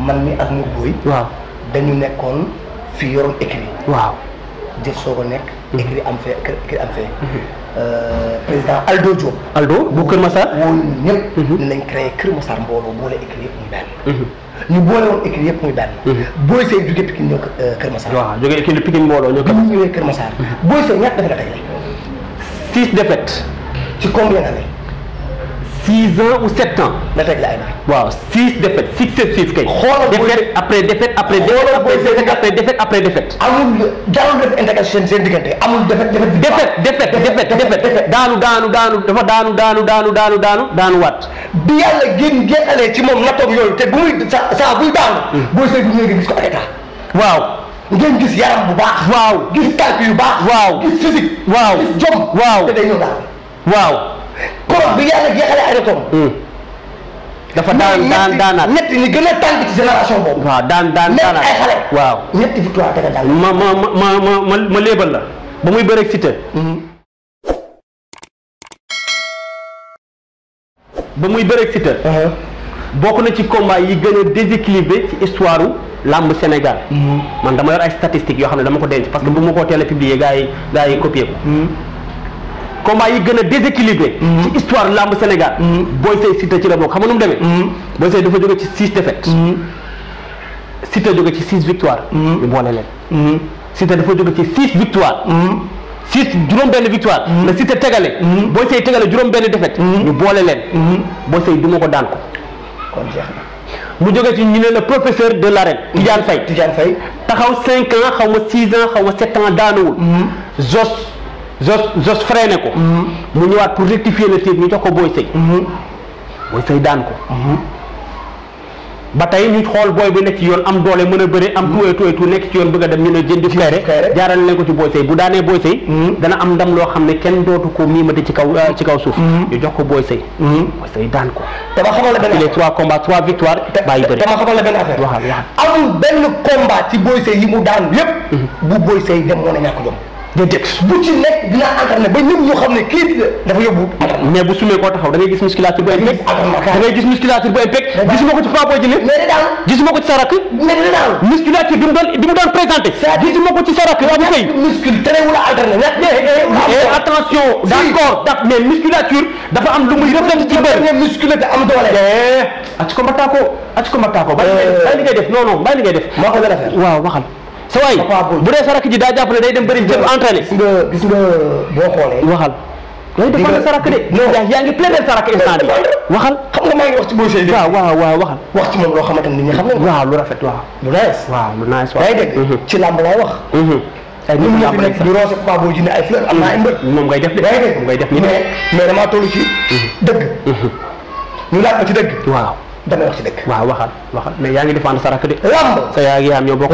man mi ak Mour Boy waaw dañu nekkoon fi yoroon écrit waaw jëf soo nekk. écrit mm-hmm. am fee écrit am fee. Mm-hmm. Euh, président Aldo Diop. Aldo bu Kër Massar. woowu ñëpp. Mm-hmm. nañ créé Kër Massar mbooloo boole écrit yëpp muy benn. ñu boole woon écrit yëpp muy benn. booy see jóge Pikine ñëw euh, Kër Massar. waaw jóge écrit mbooloo ñëw Kër Massar. ñëwee Kër Massar. booy see ñaata dafa la tey. six défaites. ci combien six ans ou sept ans. nga teg la ay naaj. waaw six défaites successives kay. xoolal défaite après défaite après défaite après défaite après défaite amul daanu def intégration seen seen diggante amul défaite défaite. défaite daanu daanu daanu dafa daanu daanu daanu daanu daanu daanu waat. bi yàlla génn génnalee ci moom yooyu te bu sa saa buy daanu. Hmm. boo seetlu ñu ngi gis ko waaw. ngeen gis yaram bu baax. waaw gis calcul yu baax. waaw gis physique. waaw waaw. waaw hmm. dafa daan daan daanaat ñett ñi gën a ci génération boobu. waaw daan daan daanaat ay xale. waaw ñetti victoire daga daal. ma ma ma ma ma ma léebal la ba muy bëreeg Siteu. Hmm. ba muy bëreeg Siteu. Uh-huh. bokk na ci combat yi gën a déséquilibré ci histoire làmb Sénégal. Hmm. man dama yor ay statistiques yoo xam ne dama ko denc parce que bu ma ko teel a publier gars yi ko. Comment il gëna a déséquilibré mm-hmm. ci histoire lamb Sénégal mm-hmm. Boy cest cité ci la xam nga mm-hmm. Boy dafa ci six défaites cité tu ci six victoire ñu bolé dafa ci six victoires, six juroom benn victoire mais cité tégalé Boy Seye tégalé juroom benn défaite ñu bolé Boy duma ko ci le professeur de l'arène Tidiane fay Tidiane ans ans ans daanuwul Zos Zos ne ko. Mhm. mu ñëwaat pour rectifier le tir ñu jox ko Boy Sey. Mhm. Boy Sey daan ko. Mhm. ba tey ñu xool booy bi nekk ci yoon am doole mën a bëre am tuwe tuwe nekk ci yoon bëgg a dem ñu ne jëndi xeere jaaral leen ko ci booy sëy bu daanee booy sëy dana am ndam loo xam ne kenn dootu ko miimati ci kaw euh, ci kaw suuf ñu jox ko booy sëy booy sëy daan ko te ma xamal la benn les trois combats trois victoires bàyyi bëri te ma xamal la benn affaire waxal waxal amul benn combat ci booy sëy yi mu daan yépp bu booy sëy dem moo ne ñàkk jom déedéet bu ci nekk dina entraîné ba ñëpp ñu xam ne kii dafa yóbbu. mais bu sumee koo taxaw da ngay gis musculature bu impec. da ngay gis musculature bu impec. gisuma ko ci Papa Boy Djiné. mais da Sarak. musculature bi mu doon bi mu doon présenté. ci Sarak Abou Faye. muscule musculature dafa am lu muy reflété ci mbër. mais musculaire te am doole. ma eh, taa ko at ko ma taa euh. def non non bàyyi li ngay def. maa ko gën a waaw waxal. saway bu dé sarak rakk ji daa jàppale day dem bëri jëf entraîné gis nga gis nga boo xoolee waxal lay dafa la sarak de yaa ya ngi plaidé sarak instant bi waxal xam nga ma ngi wax ci bo Seye de waaw waaw waxal wax ci mom lo xamante nit ñi xam nga waaw lu rafet waaw lu nice waaw lu nice waaw yaa ci lamb laa wax ay ñu ñu nekk di rosé pa bo Djiné ay fleur wah, imbe wah. ngay def dé mom ngay def mais mais dama tollu ci dëgg ñu la ko ci dëgg waaw damay wax ci dëgg. waaw waxal waxal mais yaa ngi défendre sa rakk de. lamb sa yaa ngi am yow bokk.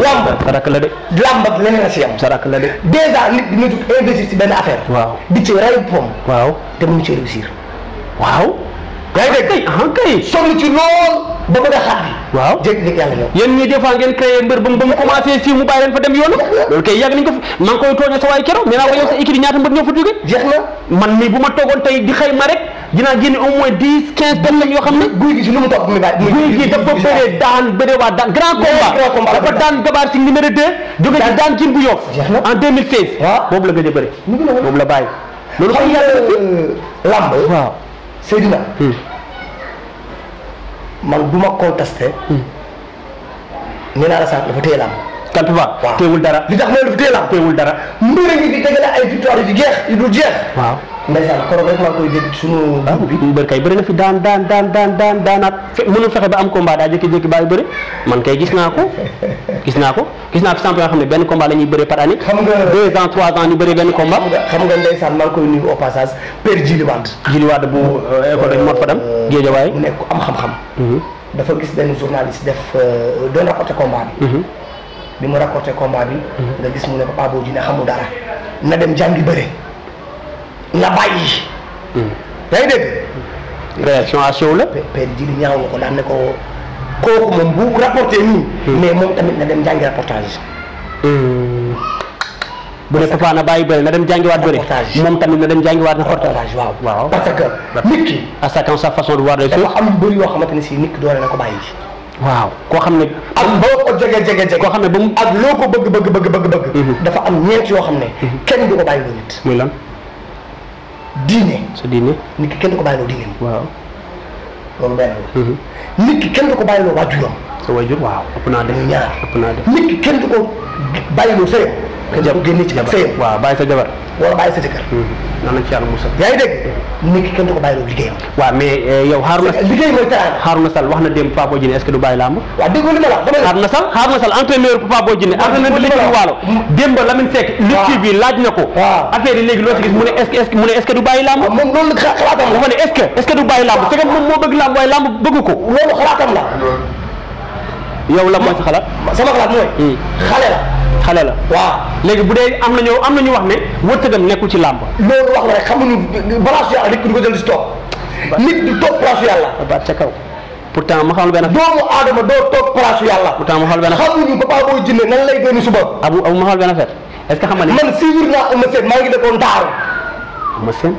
la de. lamb leneen a si yam. sa la de. dèjà nit dina jóg investir ci benn affaire. waaw di ci rey pom. waaw te mu ci réussir. waaw. yaa ngi dégg ah kay sonn ci lool ba a xàddi waaw jékki-jékki yàlla ñëw yéen ñii mbër ba mu ba si mu fa dem yoonu loolu kay ko fi maa ngi koy tooña sa waay keroog nee naa ko ñaata mbër ñoo fa jóge jeex man mii bu ma toogoon tey di xëy ma rek dinaa génne au moins dix quinze personnes yoo xam ne guy gi si lu mu topp mi bàyyi guy gi dafa bëree daan bëree waa grand combat dafa daan gabaar si numéro deux jóge ci daan cin bu yof en 2016 boobu la gëj a bëri la bàyyi loolu ko yàlla lamb euh, waaw Seydina. Hmm. man du ma contesté. Hmm. nee naa la sànq dafa téye Kalpe Ba waaw dara. li tax mooy dafa téye la am. dara. mbir yi di tegale ay victoire yu jeex yu dul jeex. ndeysaan koroog rek maa koy dégg sunu. Ah, bëri kay bëri na fi daan daan daan daan daan daanaat fe mënul fexe ba am combat daa jékki-jékki bàyyi bëri man kay gis naa ko gis naa ko gis naa fi champion yoo xam ne benn combat la ñuy bëree par année. xam nga deux ans trois ans ñu bëree benn combat. xam nga ndeysaan maa ngi koy nuyu au euh, euh, xam mhm. dafa gis benn journaliste def euh, doon rapporté combat bi. Mhm. bi mu rapporté combat bi. Mhm. nga gis mu ne Papa Boy Djiné xamul dara na dem jàngi bëre nga bayyi day hmm. ngi hmm. réaction à sew la père jili ñaaw na ko dañ ko ko kooku moom bu rapporté ni hmm. mais mom tamit na dem jàngi rapportage bu ne papa na bayyi bel na dem jàngi waat bëri mom tamit na dem jàngiwaat reportage waaw waaw parce que nit ki à chacun sa façon de voir les choses am bëri yoo xamante ne si nit doore na ko bayyi waaw ko xamne am ak ko jege jege jege ko xamne bu ak loko ko bëgg bëgg bëgg bëgg mhm. dafa am ñeent yo xamne mhm. kenn du ko bayyi lu nit muy lan diine. sa diine nit ki ko bàyyi loo diineem. waaw loolu benn la. Mm-hmm. nit kenn du ko bàyyiloo waajuram. sa waajur waaw ëpp naa def waaw bàyyi sa jabar. wala bàyyi sa jëkkër. Hmm. nan la ci yàlla musal. yaa ngi dégg nit kenn du ko bàyyiloo liggéeyam. waaw mais eh, yow Harouna. liggéey mooy teraanga. Harouna Sall wax na démb Papa Boy Djiné est du bàyyi làmb. waaw déggoo li ma la wax. Harouna Sall Harouna Sall entraîneur Papa Boy Djiné. entraîneur de l'équipe Waalo. démb Lamine Seck. waaw bi laaj na ko. affaire léegi loo si gis mu ne du bàyyi làmb. moom loolu la xalaatam moom moo bëgg làmb waaye làmb bëgg ko loolu xalaatam la. yow la mooy sa xalaat. sama xalaat mooy. Hmm. xale la. xale la waa léegi bu dee am na ñoo am na ñu wax ne wërsëgam nekkul ci làmb. loolu wax la rek xamuñu balaasu yàlla nit ku ko jël si toog. nit du toog place yàlla. baat ca kaw pourtant ma xamal benn. doomu aadama doo toog place yàlla. pourtant ma xamal benn xamuñu papa booy jinne nan lay génn suba. abu abu ma xamal benn affaire est que xam nga ne. man suivre naa Eumeu Sène maa ngi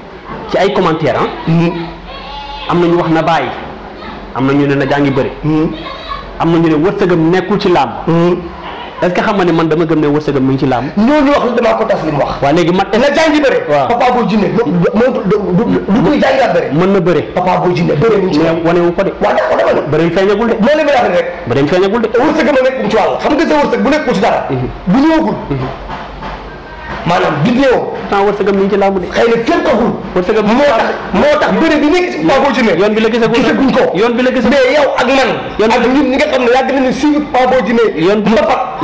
ci ay commentaire ah. Hmm. am na ñu wax na bàyyi am na ñu ne na jàngi bëri. Hmm. am na ñu ne wërsëgam nekkul ci làmb. Hmm. est-ce xam ne man dama gëm ne wërsëgam mu ngi ci làmb. ñooñu wax damaa ko tas li mu wax. waaw léegi man na jàngi bëre. waaw papa boo jinne. du koy jàngaat bëre. mën na bëre. papa boo jinne bëre mu wane wu ko de. waaw feeñagul de. moo leen rek. bëreem feeñagul de. wërsëgam a nekk ci wàll xam nga sa wërsëg bu nekkul ci dara. Mhm. bu ñëwagul. Mhm. maanaam vidéo sans wërsëgam ni ci laamu de xëy na kenn taxul wërsëgam moo tax moo tax bëri bi nekk si Pape Boy Djiné yoon bi la gisagul gisaguñ ko yoon bi la gisagul mais yow ak man yoon ak ñun ñi nga xam ne yàgg nañu suivre Pape Boy Djiné yoon bi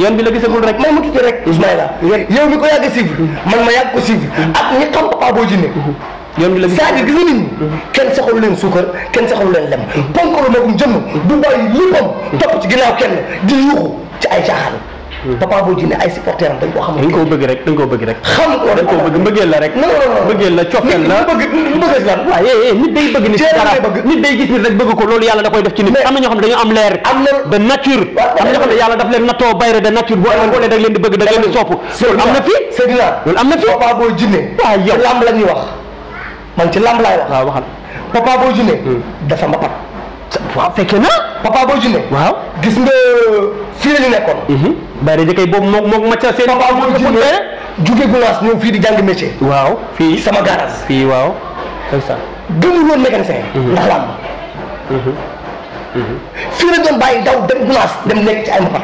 yoon bi la gisagul rek man ma tuuti rek mhm. Ismaïla yow mi ko yàgg suivre man ma yàgg ko suivre mhm. ak ñi xam Pape Boy Djiné mhm. yoon bi la gis c'est-à-dire gis nañu kenn saxalu leen suukar kenn saxalu leen lem ponkalu magum jëmm du bàyyi léppam topp ci ginnaaw kenn di yuuxu ci ay caaxaan Papa Boy Djiné ay supporters am dañ koo xamul. dañ koo bëgg rek dañ koo bëgg rek. xamu ko dañ koo bëgg mbëggeel la rek. non non non mbëggeel la coppeel la nit ñi bëgg lan. waaye eh, eh, nit day bëgg nit ci dara nit day gis nit rek bëgg ko loolu yàlla da koy def ci nit. am na ñoo xam ne dañu am leer. am na de nature. am na ñoo xam ne yàlla daf leen nattoo bayre de nature boo leen boolee da leen di bëgg da leen di sopp. loolu am na fi Seydina loolu am na fi Papa Boy Djiné. waaw yow ci lamb la ñuy wax man ci lamb laay wax. waaw waxal Papa Boy Djiné hmm. dafa mbapat waaw fekkee na Papa Boy Djiné waaw gis nga fii la ñu nekkoon hmm. Baye Radia kay boobu moom moom Mathia Sène. papa amul jiw jóge Gonaas ñëw fii di jàng métier. waaw fii sama garage. fii waaw comme ça. gëmul woon mécanicien. Mhm. ndax làmb. Mhm. Mhm. fii la doon bàyyi daw dem Gonaas dem nekk ci ay mbapat.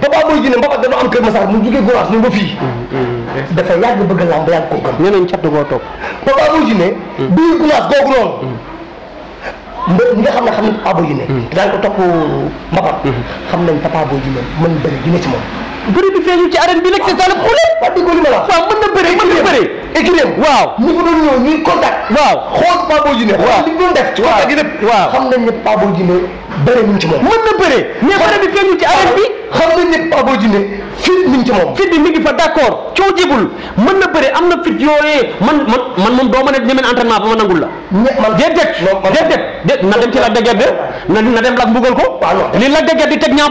papa booy jinne mbapat dañoo am kër Massar mu jóge Gonaas ñëw ba fii. dafa yàgg bëgg làmb yàgg koo noonu. mbër ñi nga xam ne xam nañ Papa Boy Djiné mm. daan ko topp mbapat mm-hmm. xam nañ Papa Boy Djiné mën bëri gi ne ci moom bëri bi feeñul ci arène bi nag c'est ça le problème waaw déggoo li ma la waaw mën na bëri mën na bëri équilibre waaw ñi fa doon ñëw ñuy contact waaw xool Papa Boy Djiné waaw li ñu doon def ci contact yi lépp waaw xam nañ ne Papa Boy Djiné mën na bëree. mais bëri bi feeñu ci arène bi. fit mi ci moom. fit bi mi ngi fa d' accord mën na bëri am na fit yooyee man man man moom doo ma ne ba ma nangul la. mais man déedéet. déedéet na dem la dëgër de na na dem la mbugal ko. li la dëgër di teg na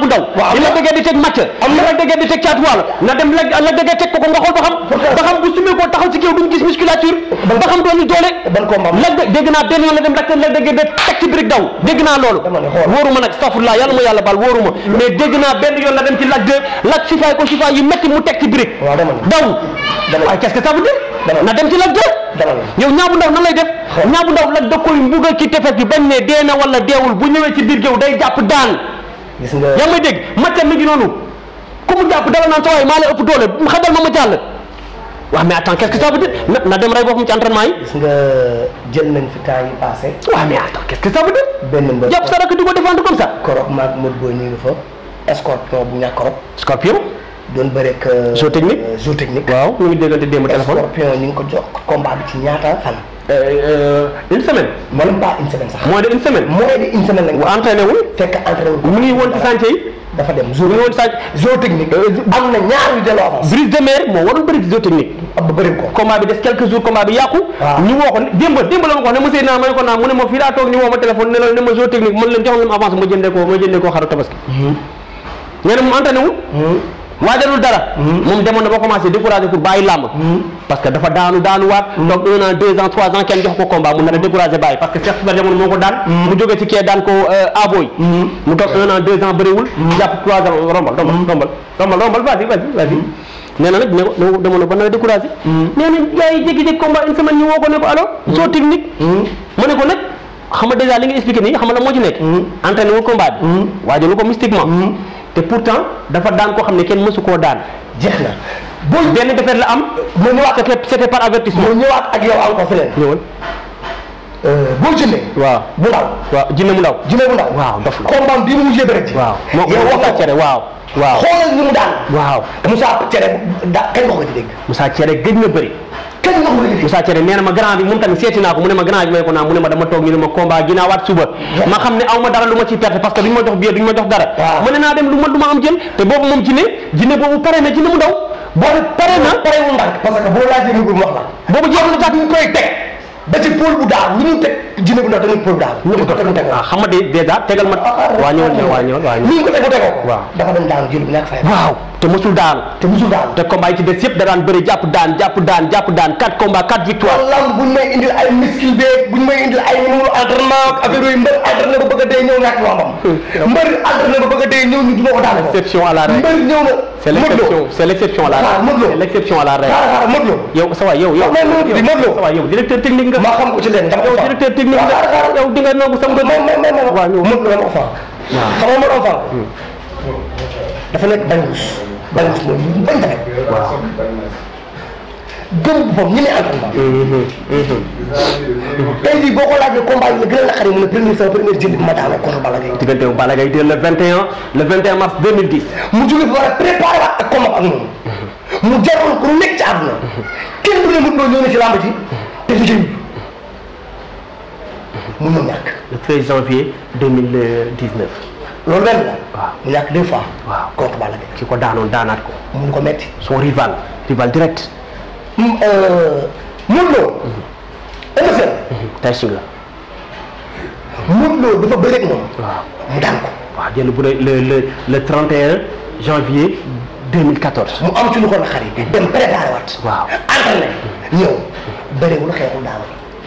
la dëgër di teg caatuwaal na dem la la dëgër ko ci kéw duñ gis musculature. ba xam wóoruma nag stafurlaa yàlla ma yàlla baal wóoruma mais dégg naa benn yoon la dem ci laaj de laaj sifaay ko sifaay yu métti mu teg ci brique daw waaye qu'est-ce que ça veut dire na dem ci laaj de yow ñaabu ndaw nan lay def ñaabu ndaw laaj da koy mbugal ci tefes bi bañ ne dee na wala deewul bu ñëwee ci biir géew day jàpp daan yaa may dégg macca mi ngi noonu ku mu jàpp dala naan sa waay maa lay ëpp doole xadal ma ma jàll waaw mais attends qu'est-ce que ça veut dire na dem rey boppam ci entraînement yi. gis nga jël nañ fi temps yi passé. waaw mais attends qu'est-ce que ça veut dire. benn mbër jàpp sa rakk di ko défendre comme ça. Korok Scorpion bu ñàkk Korok. Euh, zoo technique zoo technique. waaw ñu ngi déggante démb téléphone. Scorpion ñu ngi ko jox combat ci ñaata fan. Euh, euh, une sax. moins de une semaine. moins de une semaine lañ ko. entraîné mu ngi woon ci dafa dem jour bi woon sànq zootechnique. Eh, am na ñaar yu delloo avance. brise de mer moo waroon bëri zootechnique. ab bëri ko combat bi des quelques jours combat bi yàqu. Ah. ñu woo ko démb démb la naa ma ko naa mu ne ma fii laa toog ñu woo ma ne la ne ma zootechnique leen joxoon na ma avance ma jëndee ko ma jëndee ko xaru tabaski. nee na mu entraîné waajalul dara. Hmm. moom demoon na ba commencé découragé pour bàyyi làmb. Hmm. parce que dafa daanu daanuwaat. donc hmm. un an deux ans trois ans kenn jox ko combat mu nar a découragé bàyyi parce que Cheikh Super Diamono moo ko daan. mu jóge ci kee daan ko euh, Aboy. mu toog un an deux ans bëriwul. jàpp trois ans rombal rombal rombal rombal vas-y vas-y vas-y nee na nag ne ko demoon na ba nar a découragé. nee na gars yi jékki-jékki combat une semaine ñu woo ko ne ko alors. soo te pourtant dafa daan koo xam ne kenn mësu koo daan. jeex na bul benn defet la am. ma ñëwaat ak yëpp c'était par avertissement. ma ñëwaat ak yow encore feneen. ñëwal. Euh, bul jinne. waaw mu ndaw. waaw jinne mu ndaw. jinne mu ndaw. waaw dof la. combat bi mu mujjee bëri. waaw moo ko cere waaw. waaw xoolal li mu daan. Cere da kañ nga ko gëj dégg. Moussa Cere gëj na bëri. kañ Cere nee ma grand bi moom tamit seeti naa ko mu ne ma grand bi may ko naan mu ne ma dama toog ñu ne ma combat ginnaawaat suba. ma xam ne aw dara lu ma ciy perte parce que duñ ma jox billet duñ ma jox dara. ma ne naa dem lu ma lu ma am jël te boobu moom jinne jinne boobu pare na jinne mu daw. boobu pare na pare wu ndànk parce que boo laajee lu mu wax la. boobu jeexul sax ñu koy teg. ba ci pôle bu daal li ñu teg jinne bu ndax dañuy pôle daal. ñu ko teg mu teg waaw xam nga de dèjà tegal ma. waaw ñëwal ñëwal waaw ñëwal waaw ñëwal. ni ñu ko teg mu tegoo. waaw dafa doon daanu jël bu nekk fay. waaw. te mosul daanu. te mosul daanu te combat yi ci des yëpp da daan bëri jàpp daan jàpp daan jàpp daan quatre combats quatre victoires. lamb bu ñu may indil ay muscle beeg bu ñu may indil ay mënul entraînement ak affaire yooyu mbër entraîné ba bëgg a dee ñëw ñàkk lambam. mbër entraîné ba bëgg a dee ñëw ñu duma ko daane ko. exception à la règle mbër ñëw na. c'est l'exception c'est l'exception à la règle. waaw c'est l'exception à la règle. waaw waaw Modou Lo. yow sa waay yow yow. Modou Lo sa waay yow directeur technique nga. maa xam ko ci leen dama ko faa yow directeur technique nga. waaw waaw waaw yow di nga nangu sa mbër. waaw yow Modou Lo dama ko faa. waaw xam nga Modou Lo faa. dafa nekk balance balance mooy ñu bañ a def. waaw gëm ñu ne en combat. Mm-hmm. Mm-hmm. la gën a naqari mu ne premier sama premier jënd bi ma daanoo contre Balla Gaye. diggante Balla mars mu jógee fi war a préparer ak combat ak mm-hmm. mu jaroon ku nekk ci àdduna. kenn du ne mën doon ñëw na ci làmb ji. te du mu ñëw ñàkk. le janvier loolu benn la. waaw mu ñàkk deux fois. waaw contre Balla Gaye. ki ko daanoon daanaat ko. mun ko metti son rival. rival direct. mu mm, euh, Modou Lo. Mhm. Eumeu Sène. Mhm. Tyson la. Modou Lo mu daan ko. waaw jël bu le le le 31 janvier 2014. mu am ci lu ko naqari. Mhm. dem préparé waat. waaw entraîné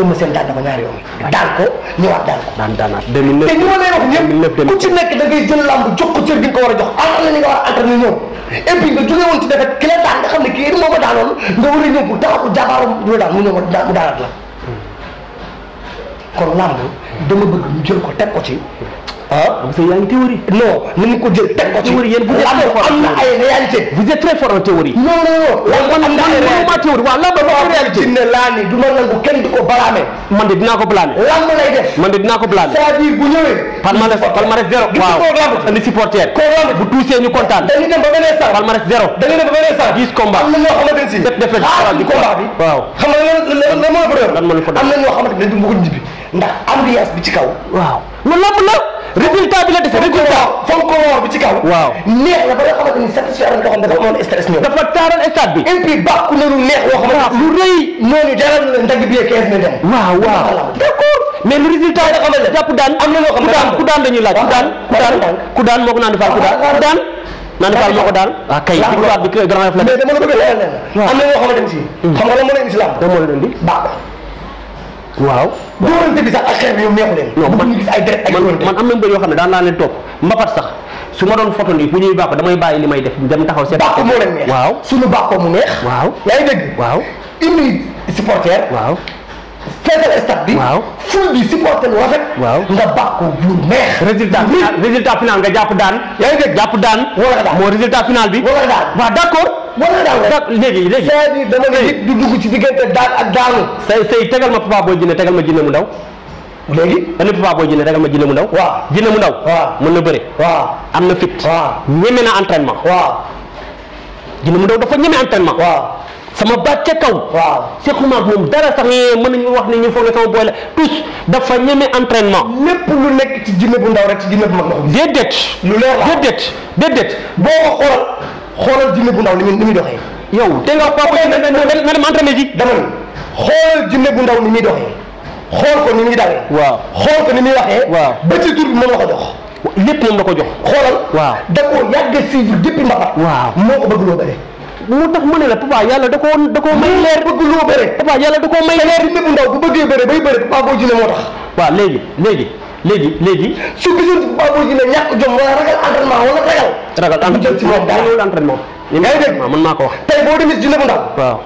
Eumeu Sène daan na ko ñaari yoon. daan ko ñëwaat daan ko. daan daanaat 2009 ci nekk da ngay jël làmb jox ko cër gi a jox alal a entraîné ñëw ki la daan nga xam ne kii moom a daanoon nga war a ko jàppaaroom du hmm. dama bëgg ñu jël ko te ko ci ah parce que yaa ngi théorie. non ni mu ko jël teg ko ci. théorie yéen vous êtes très fort am na ay réalité. vous êtes très fort en théorie. non non non. am na ay réalité théorie waaw lan ba réalité. dina laa ni du ma nangu kenn di ko balaame. man de dinaa ko balaame. lan ma lay def. man de dinaa ko balaame. c'est-à-dire bu ñëwee. palmarès palmarès zéro. waaw li supporter. koo lamb bu tuusee ñu kontaan. dañuy dem ba beneen sax. palmarès zéro. dañuy dem ba beneen sax. dix combats am na ñoo xamante ne si. sept défaites xaaral combat bi. waaw xam nga lan moo fa doon. lan moo la fa doon am na ñoo xamante ne dañu bëgg ñibbi ndax ambiance bi ci kaw. waaw loolu lamb la résultat bi la def résultat foofu ko woor bi ci kaw. waaw neex na ba nga xamante ni satisfaire boo xam ne dafa amoon stress ñëw. dafa na lu neex wax ma. lu rëy noonu jaral na ndagg waaw waaw d'accord mais le résultat da la jàpp ku daan dañuy laaj. ku daan ku daan ku daan ku daan naan defal moo ko a leeral leen. am na loo xamante ni si. Hmm. xam nga lan moo leen indi si làmb. lan moo leen indi bàkku waaw dóorante bi sax ak xeex bi yow neexu leen. non man gis ay deret ay man am na mbir yoo xam ne daan naa leen topp mbapat sax su ma doon photo nii bu ñuy bàkk damay bàyyi li may def dem taxaw seet. bàkk moo leen neex waaw suñu bàkkoo mu neex. waaw yaa ngi dégg. waaw indi supporter. waaw feesal stade bi. waaw ful bi supporter lu rafet. waaw nga bàkkoo bu neex. résultat final résultat final nga jàpp daan. yaa ngi dégg jàpp daan. wala daan moo résultat final bi. wala daan waaw d'accord. wala daal léegi léegi c'est-à-dire dama nit du dugg ci diggante daal ak daanu say say tegal ma Papa Boy Djiné tegal ma Djiné mu ndaw léegi dañu Papa Boy Djiné tegal ma mu ndaw waaw Djiné mu ndaw waaw mën na bëre waaw am na fit waaw ñeme na entraînement waaw Djiné mu ndaw dafa ñeme entraînement waaw sama baat ca kaw waaw sequma ak moom dara sax mën nañu wax ne ñu foog ne sama boy la tous dafa ñeme entraînement lépp lu nekk ci Djiné bu ndaw rek ci Djiné bu mag déedéet lu leer la déedéet déedéet boo ko xool xoolal jinne bu ndaw ni muy ni muy doxee. yow te nga papa nga dem entraîné ji. dama ne xoolal jinne bu ndaw ni muy doxee xool ko ni muy dawee. waaw xool ko ni muy waxee. waaw ba ci tur bi moom la ko jox. lépp moom la ko jox. xoolal. waaw da koo yàgg a suivre depuis Mbapha. waaw moo ko bëgg loo bëre. moo tax ma ne la papa yàlla da koo da koo may leer bëgg loo bëre. papa yàlla da koo may leer. jinne bu ndaw bu bëggee bëre bay bëre papa boo jinne moo tax. waaw léegi léegi. Lady, lady, su gisul Baboy Djiné ñàkk jom wala ragal entraînement wala ragal ragal entraînement mënul entraînement yaa ngi dégg mën naa wax tey boo demee Djiné bu ndaw waaw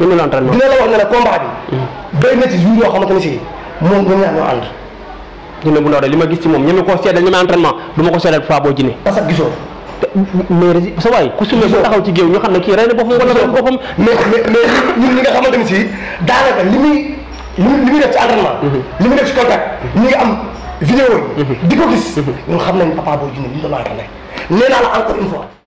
mënul entraînement dina la wax ne combat bi béy na ci yoo xamante ne si moom ñaan ñoo ànd Djiné bu ndaw de gis ci moom ñeme ko seedal ñeme entraînement du ma ko seedal Baboy Djiné parce que gisoo mais sa waay ku sumee taxaw ci géew ñu xam ne kii rey wala mais mais ñi nga def ci entraînement def ci contact ñi nga am vidéo yi mm-hmm. di ko gis mm-hmm. ñun xam nañ Papa Boy Djiné li ñu doon wax nee naa la encore une fois